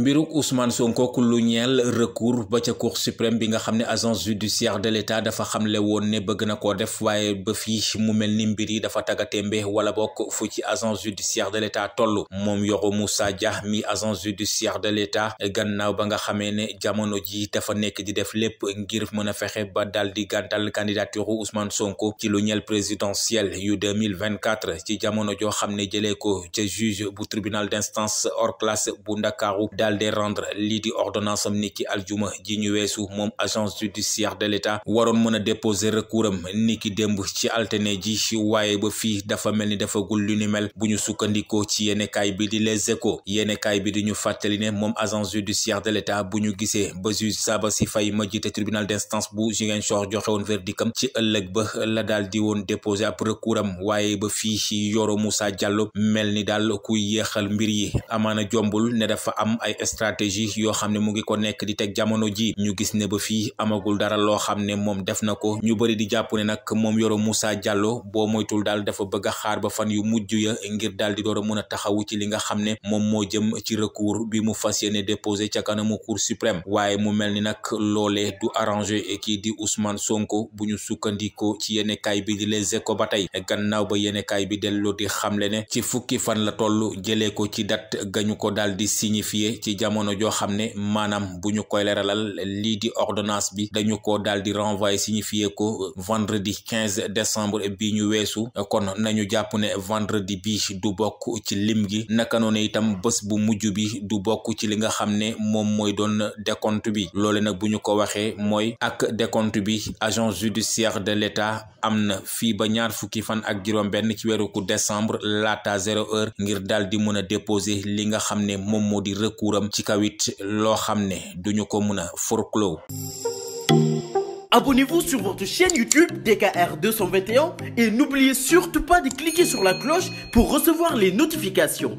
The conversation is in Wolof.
mbiruk Ousmane Sonko ku lu ñeel recours ba ca cour suprême bi nga xam ne agence judiciaire de l'État dafa xamle woon ne bëgg na koo def waaye ba fii mu mel ni mbir yi dafa tagatémbe wala bokk fu ci agence judiciaire de l'État toll moom Yoro Moussa Dia mi agence judiciaire de l'État gannaaw ba nga xamee ne jamono ji dafa nekk di def lépp ngir mën a fexe ba dal di gàntal candidature Ousmane Sonko ci lu ñeel présidentielle yu 2024 ci jamono joo xam ne jëlee ko ca juge daal di rendre lii di ordonnance am niki aljuma ji ñu weesu moom agence judiciaire de l'état waroon mën a déposer recours am niki démb ci altene ji waaye ba fii dafa mel ni dafagul lu ni mel bu ñu sukkandikoo ci yéenekaay bi di Les Échos yéenekaay bi di ñu fàttali ne moom agence judiciaire de l'état bu ñu gisee ba juge Sabassy Faye ma jiite tribunal d'instance bu Ziguinchor joxe woon verdict am ci ëllëg ba la daal di woon déposer ab recours am waaye ba fii Yoro Moussa Diallo mel ni daal kuy yéexal mbir yi amaana jombul ne dafa am ay stratégie yoo xam ne mu ngi ko nekk di teg jamono ji ñu gis ne ba fii amagul dara loo xam ne moom def na ko ñu bëri di jàpp ne nag moom Yoro Moussa jàlloo boo moytul daal dafa bëgg a xaar ba fan yu mujj ya ngir dal di door a mën a taxawu ci li nga xam ne moom moo jëm ci recours bi mu fas yéene déposé ca kanamu cour suprême waaye mu mel ni nag loole du arrangé kii di Ousmane Sonko bu ñu sukkandikoo ci yéene bi di Les Échos ba tey gannaaw ba yéene bi delloo di xamle ci fukki fan la toll jëlee ko ci ci jamono joo xam ne maanaam bu ñu koy leeralal lii di ordonnance bi dañu ko daal di renvoyer signifié ko vendredi quinze décembre bi ñu weesu kon nañu jàpp ne vendredi bi du bokk ci lim gi naka noonu itam bés bu mujj bi du bokk ci li nga xam ne moom mooy doon décompte bi loole nag bu ñu ko waxee mooy ak décompte bi agent judiciaire de l'État décembre laata zéro heure ngir daal di mën a déposer li nga xam ne moom moo di recours ëmbam ci kawit loo xam ne duñu ko mën a forclos Abonnez-vous sur votre chaîne YouTube DKR 221 et n'oubliez surtout pas de cliquer sur la cloche pour recevoir les notifications